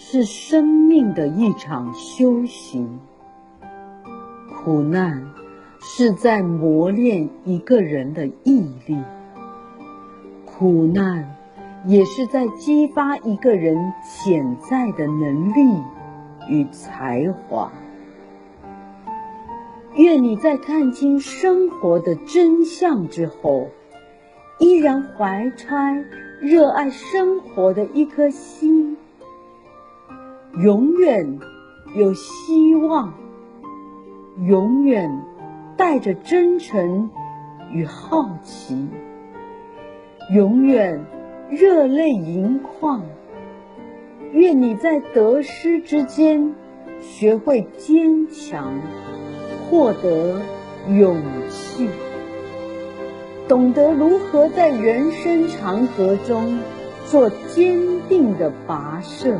是生命的一場修行，苦難是在磨練一個人的毅力，苦難也是在激發一個人潛在的能力與才華。願你在看清生活的真相之後，依然懷揣熱愛生活的一顆心。永遠有希望，永遠帶着真誠與好奇，永遠熱淚盈眶。願你在得失之間，學會堅強，獲得勇氣，懂得如何在人生長河中做堅定的跋涉。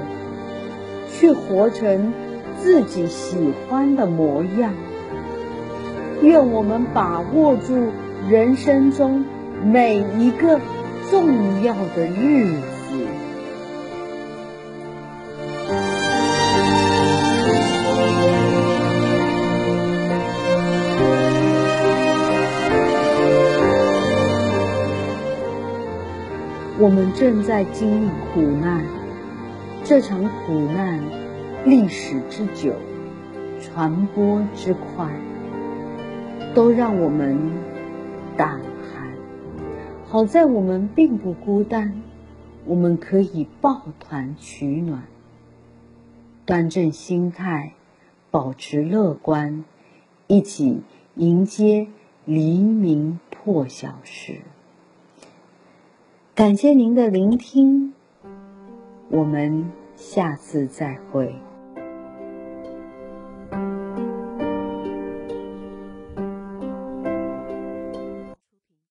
去活成自己喜歡的模樣，願我們把握住人生中每一個重要的日子。我們正在經歷苦難。這場苦難，歷史之久，傳播之快，都讓我們膽寒。好在我們並不孤單，我們可以抱團取暖，端正心態，保持樂觀，一起迎接黎明破曉時。感謝您的聆聽。我們下次再會。